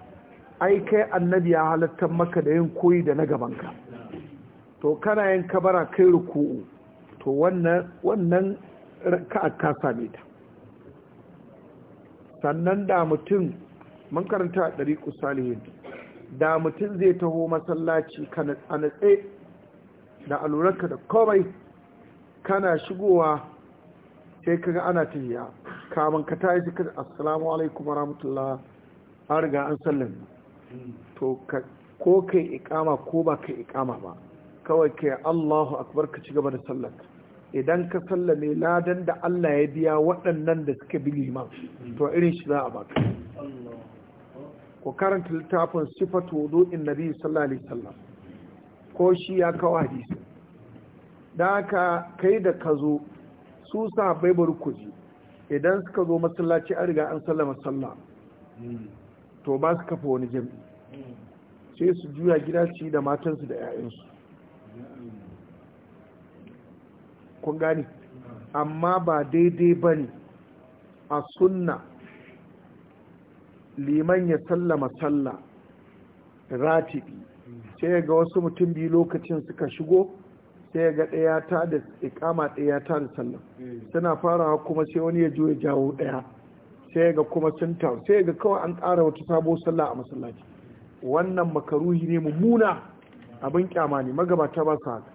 ai kai annabi ya halatta maka da yin koyi da na gabanka to kana yin kabara kai ruku'u to wannan wannan ka ka same ta sannan da mutum mun karanta a ɗari salihin da mutum zai taho masallaci a natse da alurarka da komai kana shigowa sai kaga ana tafiya. kamun ka ta yi zikir assalamu alaikum wa rahmatullah an riga an sallin to ko kai ikama ko ba kai ikama ba kawai kai Allahu akbar ka ci gaba da sallat idan ka sallame ladan da Allah ya biya waɗannan da suka bi liman to irin shi za a baka ko karanta littafin sifatu wudu'in nabi sallallahu alaihi wasallam ko shi ya kawo hadisi da ka kai da ka zo su bai bari ku idan suka zo masallaci a riga an sallama sallah hmm. to ba su kafa wani jam'i sai su juya gida su da matansu da 'ya'yansu kun gani amma ba daidai ba ne a sunna liman ya sallama sallah ratibi sai ga wasu mutum biyu lokacin suka shigo sai ga ɗaya ta da ikama ɗaya ta da sallah suna mm. farawa kuma sai wani ya juya jawo ɗaya sai ga kuma sun ta sai ga kawai an ƙara wata sabo sallah a masallaci wannan makaruhi ne mummuna abin kyama ne magabata ba su haka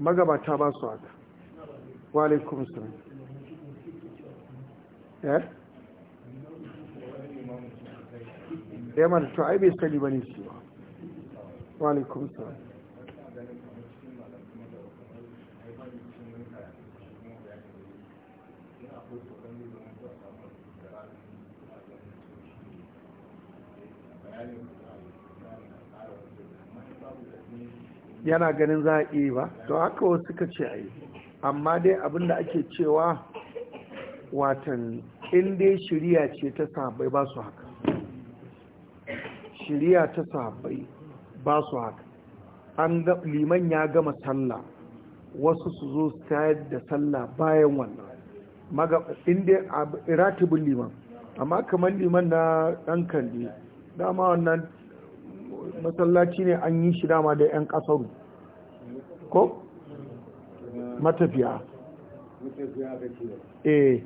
magabata ba su haka wa alaikum salam eh ya eh mana to ai bai sani bane shi ba wa alaikum salam yana ganin za a iya ba to haka wasu suka ce a yi amma dai abinda ake cewa watan inda shiriya ce ta sahabbai ba su haka shirya ta sahabbai ba su haka an liman ya gama sallah wasu su zo su tayar da sallah bayan wannan maga inda iratibin liman amma kamar liman na ɗan kalli dama wannan masallaci ne an yi shi dama da 'yan kasaru ko matafiya eh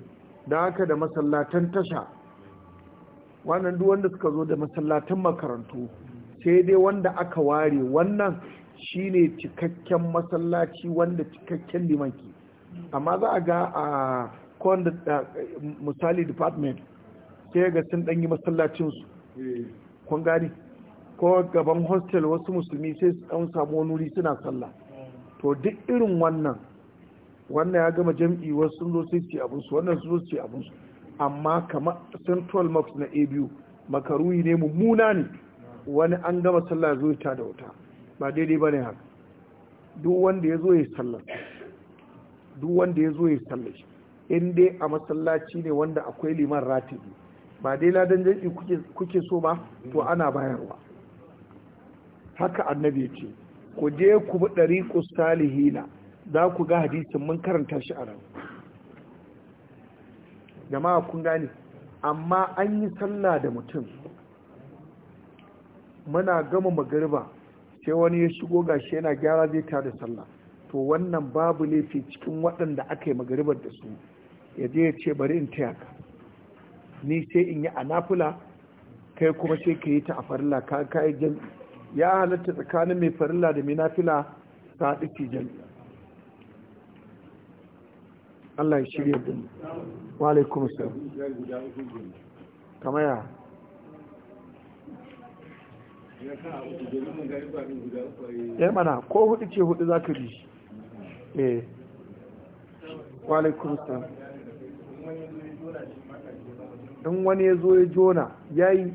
da haka da masallatan tasha wannan duk suka zo da masallatan makarantu sai dai wanda aka ware wannan shine cikakken masallaci wanda cikakken limanki amma za a ga a kwan misali department sai ga sun ɗanyi masallacinsu eh. kun gani ko gaban hostel wasu musulmi sai an samu wani wuri suna sallah to duk irin wannan wannan ya gama jam'i wasu sun zo sai ce abinsu wannan sun zo ce abinsu amma kama central maps na abu makaruyi ne mummuna ne wani an gama sallah zo ta da wuta ba daidai ba ne haka duk wanda ya zo ya sallah duk wanda ya zo ya sallah in dai a masallaci ne wanda akwai liman ratibi ba dai ladan jam'i kuke so ba to ana bayarwa haka annabi ya ce ku je ku bi sali salihina za ku ga hadisin mun karanta shi a nan jama'a kun gane amma an yi sallah da mutum muna gama magariba sai wani ya shigo gashi yana gyara zai da sallah to wannan babu laifi cikin waɗanda aka yi magaribar da su yaje je ya ce bari in taya ka ni sai in yi a nafula kai kuma sai ka yi ta a farilla ka kai jami ya halatta tsakanin mai farilla da mai nafila ta ɗiki jami Allah ya shirya da mu wa alaikum kama ya ya eh mana ko hudu ce hudu za ka bi eh wa alaikum salam in wani ya zo ya jona ya yi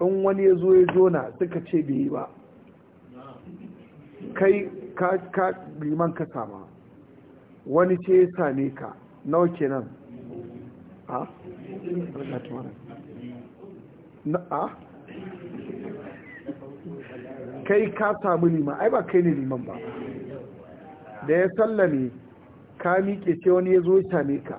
in wani ya zo ya jona suka ce bai yi ba kai ka liman ka sama wani ce ya same ka nawa kenan a? a? kai ka samu liman ai ba kai ne liman ba da ya sallame ka miƙe ce wani ya zo ya same ka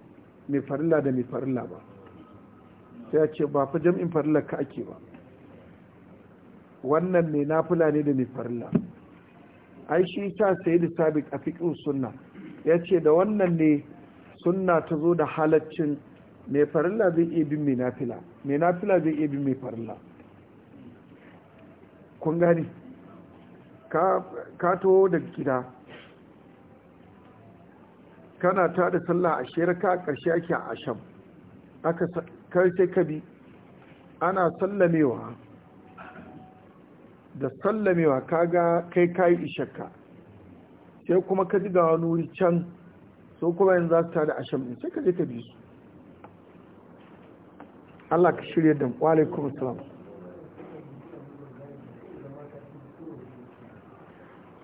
mai farilla da mai farilla ba sai ya ce ba fa jam'in farillar ka ake ba wannan mai nafila ne da mai farilla ai shi ta sai da sabik a fiqh sunna ya ce da wannan ne sunna ta zo da halaccin mai farilla zai iya bin mai nafila mai nafila zai iya bin mai farilla kun gani ka to da gida kana ta da sallah a a ƙarshe ake a sham aka sai ka bi ana sallamewa da sallamewa kaga kai kayi ishakka sai kuma ka ji ga wani wuri can so kuma yanzu za su ta da asham ɗin sai ka je ka bi su Allah ka shirya da kwalai kuma salam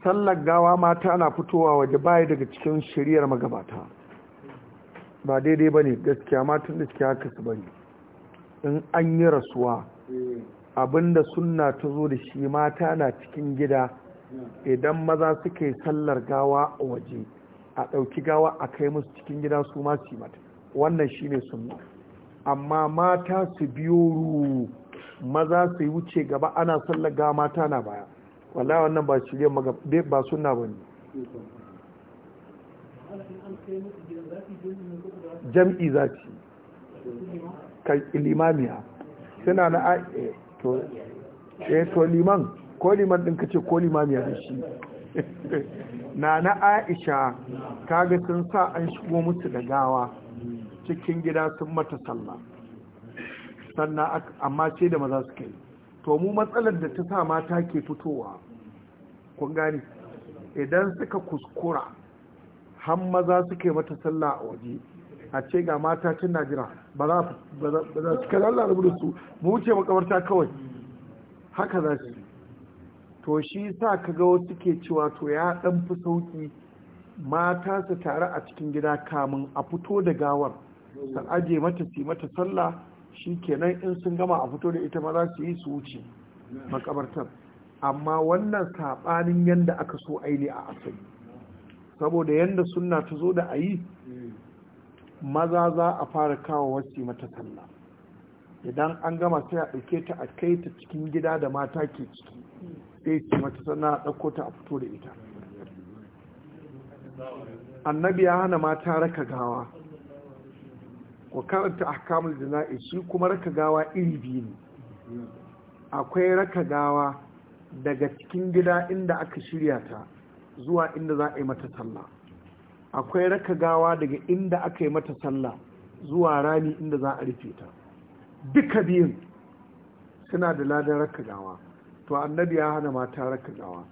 sallar gawa mata na fitowa waje baya daga cikin shiriyar magabata ba daidai ba ne gaskiya matan da suke haka su bari in an yi rasuwa abinda suna ta zo da shi mata na cikin gida idan maza suka yi sallar gawa a waje a ɗauki gawa a kai musu cikin gida su ma su mata wannan shi ne sunna amma mata su biyo maza su yi wuce gaba ana sallar gawa mata na baya wallahi wannan ba shirye maga ba sunna bane jam'i zati kai limamiya suna na a e, to eh to liman ko liman din kace ko limamiya din shi na na Aisha kaga sun sa an shigo musu da gawa cikin gida sun mata sallah sannan amma ce da maza suka yi to mu matsalar da ta sa mata ke fitowa kun gani idan suka kuskura har maza suke mata sallah a waje a ce ga mata cin najira ba za su ka Allah da su mu wuce makabarta kawai haka za su to shi sa ka ga wasu ke cewa to ya dan fi sauki mata su tare a cikin gida kamun a fito da gawar su aje mata su mata sallah shi kenan in sun gama a fito da ita ma za su yi su wuce makabartar amma wannan saɓanin yadda aka so aini a asali saboda yadda suna ta zo da a yi maza za a fara kawo wasu mata talla. idan an gama sai a ɗauke ta a kai ta cikin gida da mata ke ciki sai ce mata sana a ɗauko ta a fito da ita annabi ya hana mata raka gawa wa karanta ahkamul jana'i shi kuma raka gawa iri biyu ne akwai raka gawa daga cikin gida inda aka shirya ta zuwa inda za a yi mata sallah akwai raka gawa daga inda aka yi mata sallah zuwa rani inda za a rufe ta duka biyun suna da ladan raka gawa to annabi ya hana mata raka gawa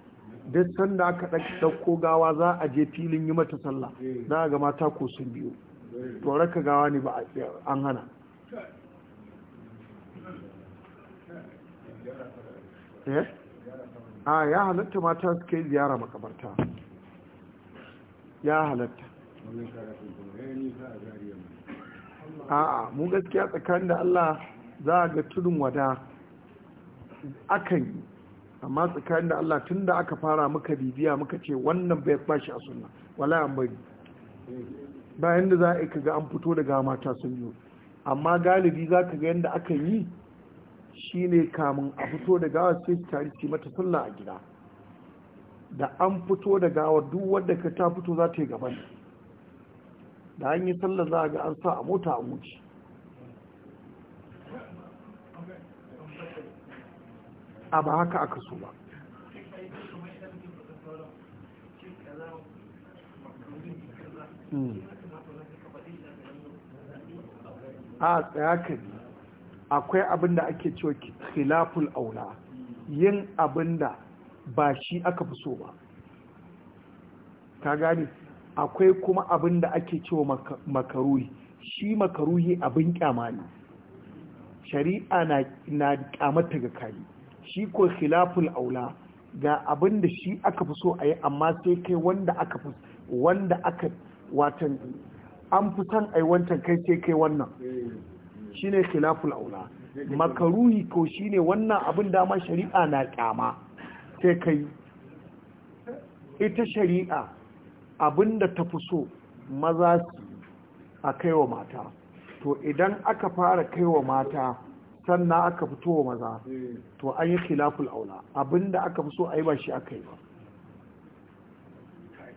duk sanda aka ɗauko gawa za a je filin yi mata sallah za a ga mata ko sun biyu to raka gawa ne ba a an hana eh? a ya halatta mata su kai ziyara makabarta ya halatta a'a mu gaskiya tsakanin da Allah za a ga tudun wada akan yi amma tsakanin da Allah tun da aka fara muka bibiya muka ce wannan bai bashi a suna wala an bari bayan da za a kaga an fito daga mata sun yi amma galibi za ka ga yadda aka yi shi ne kamun a fito da gawa sai tare ce mata sallah a gida da an fito da gawa duk wadda ka ta fito za ta yi gaban da an yi sallah za a ga an sa a mota a wuce a ba haka aka so ba Mm. a tsaya ka akwai abin da ake cewa khilaful aula yin abin da ba shi aka fi so ba ka gani. akwai kuma abin da ake cewa makaruhi shi makaruhi abin kyamani ne shari'a na kyamata ga kayi shi ko khilaful aula ga abin da shi aka fi so a yi amma sai kai wanda aka fi wanda aka watan an fi son ai wancan kai sai kai wannan shine khilaful aula makaruhi ko shine wannan abin dama shari'a na kyama sai kai ita shari'a abinda ta fi so maza su a kaiwa mata to idan aka fara kaiwa mata sannan aka fito wa maza to an yi khilaful aula abinda aka fi so a yi ba shi aka yi ba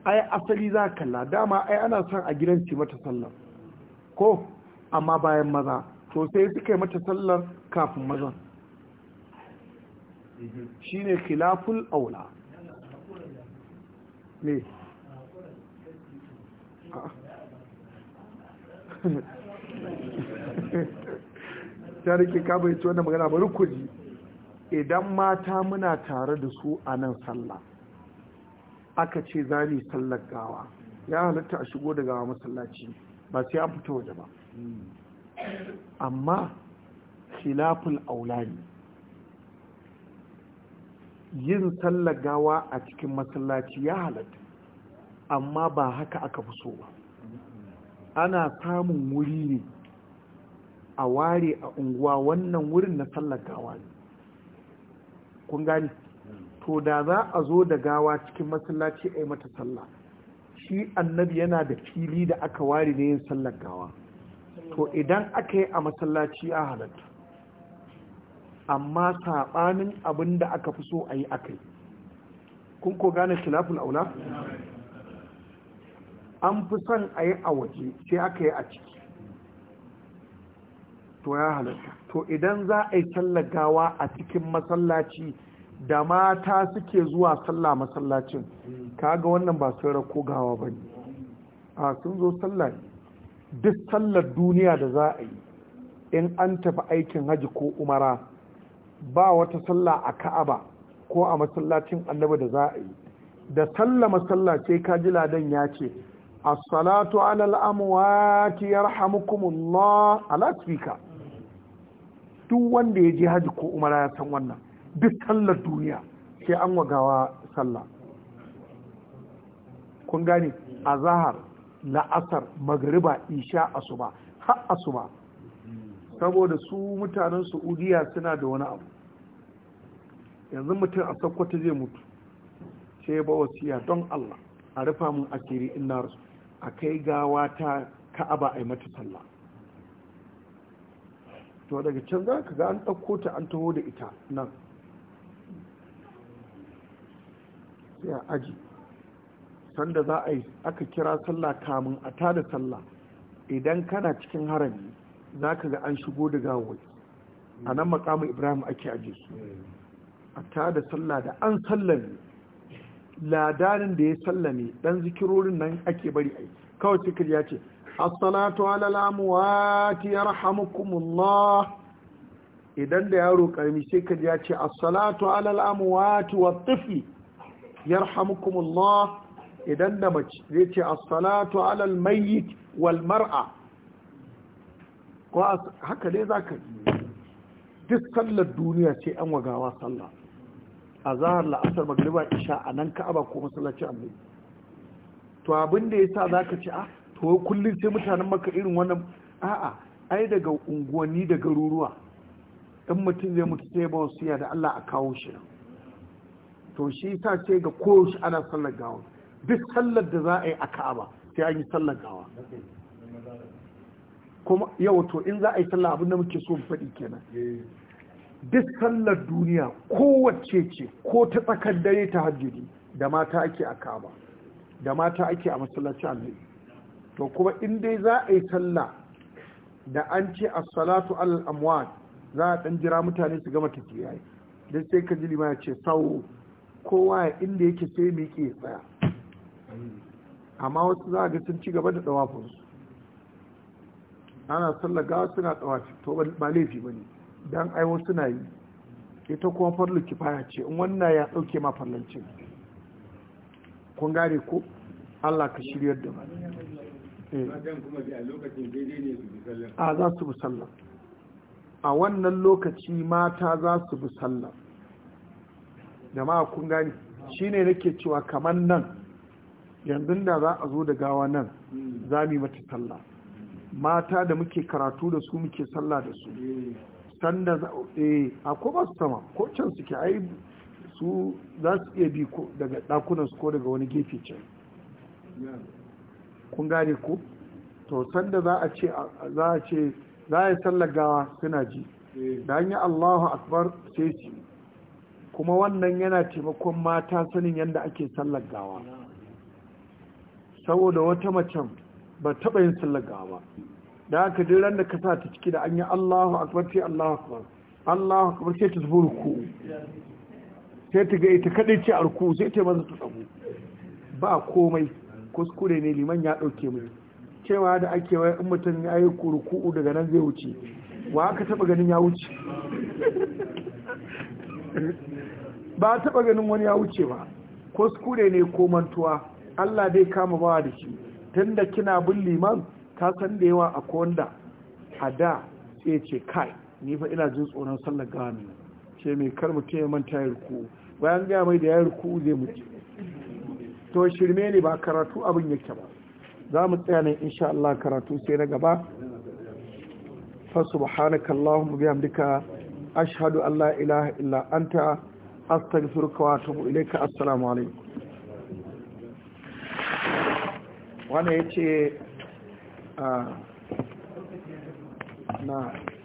ai asali za kalla dama ai ana son a gidan ci mata sallar ko amma bayan maza to sai suka yi mata sallar kafin mazan shine khilaful aula ne ta rike kabai ci wanda magana ba ku idan mata muna tare da su a nan sallah aka ce za mu sallar gawa ya halatta a shigo da gawa masallaci ba sai an fito waje ba amma khilaful aulani yin sallar gawa a cikin masallaci ya halatta amma ba haka aka fi so ba ana samun wuri ne a ware a unguwa wannan wurin na sallar gawa ne kun gani to da za a zo da gawa cikin masallaci a yi mata sallah shi annabi yana da fili da aka ware da yin sallar gawa to idan aka yi a masallaci a halatta amma saɓanin abin da aka fi so a yi aka yi kun ko gane shilafin aula an fi son a yi a waje sai aka yi a ciki to ya halatta to idan za a yi sallar gawa a cikin masallaci da mata suke zuwa sallah masallacin kaga wannan ba sun rako gawa ba ne a sun zo sallah duk sallar duniya da za a yi in an tafi aikin haji ko umara ba wata sallah a ka'aba ko a masallacin annabi da za a yi da sallah masallace ka ji ladan ya ce as-salatu ala al-amwati yarhamukumullah ala speaker duk wanda ya je haji ko umara ya san wannan duk sallar duniya sai an wagawa sallah kun gane a zahar la'asar magariba isha asuba har asuba saboda su mutanen saudiya suna da wani abu yanzu mutum a sakwata zai mutu sai ya ba wasiya don allah a rufa mun asiri ina rasu a kai gawa ta ka'aba a yi mata sallah to daga can za ka ga an ɗauko ta an taho da ita nan sai a aji sanda za a yi aka kira sallah kamun a tada sallah idan kana cikin harami za ka ga an shigo da gawai a nan makamun ibrahim ake aje su a tada sallah da an sallami ladanin da ya sallame dan zikirorin nan ake bari a yi kawai cikin ya ce assalatu ala lamuwati yarhamukumullah idan da yaro karmi sai ka ya ce assalatu ala lamuwati wa tafi yarhamukumullah idan da mace zai ce as-salatu ala al-mayyit wal mar'a ko haka dai zaka duk sallar duniya ce an wagawa sallah azhar la'asar magriba isha anan ka'aba ko masallaci amma. to abin da yasa zaka ce ah to kullun sai mutanen maka irin wannan a'a ai daga unguwanni da garuruwa in mutum zai mutu sai ba wasu da Allah a kawo shi nan to shi ta ce ga koshi ana sallar gawa duk sallar da za a yi a ka'aba sai an yi sallar gawa kuma yau to in za a yi sallar abin da muke so faɗi kenan duk sallar duniya kowace ce ko ta tsakar dare ta hajjiri da mata ake a ka'aba da mata ake a masallaci annabi to kuma in dai za a yi sallah da an ce as-salatu al-amwat za a dan jira mutane su gama tafiya dan sai ka ji lima ya ce sau kowa ya inda yake sai mai ke tsaya amma wasu za ga sun ci gaba da tsawafinsu ana gawa suna tsawafi to ba laifi ba ne don aiwo suna yi ita kuma farlu kifaya ce in wannan ya ɗauke ma farlancin kun gane ko allah ka shirya da ba eh. a za su bi sallah a wannan lokaci mata za su bi sallah jama'a kun gani shine nake cewa kamar nan yanzu da za a zo da gawa nan za mu yi mata sallah mata da muke karatu da su muke sallah da su sanda za eh, a ko ba su sama ko can suke ai su za su iya bi daga ɗakunan su ko daga wani gefe can kun gane ko to sanda za a ce za a ce yi sallar gawa suna ji da an Allahu akbar sai su kuma wannan yana taimakon mata sanin yadda ake sallar gawa saboda wata macen ba taɓa yin sallar gawa ba da aka duk ran da ka sa ta ciki da an yi Allahu akbar sai Allahu akbar Allahu akbar sai ta zubo ruku sai ta ga ita kaɗai ce a ruku sai ta maza ta tsago ba komai kuskure ne liman ya ɗauke mai cewa da ake wai in mutum ya yi ruku daga nan zai wuce wa aka taɓa ganin ya wuce ba taɓa ganin wani ya wuce ba ko skure ne ko mantuwa Allah dai kama ba da shi da kina bin liman ta san da yawa a wanda a da sai ce kai ni fa ina jin tsoron sallar gami ce mai kar mutum ya manta ya ruku bayan gaya mai da ya ruku zai mutu to shirme ne ba karatu abin yake ba za mu tsaya nan insha Allah karatu sai na gaba fa subhanakallahumma bihamdika ashadu an la ilaha illa anta astaghfiruka wa atubu ilayka assalamu alaikum wannan yace na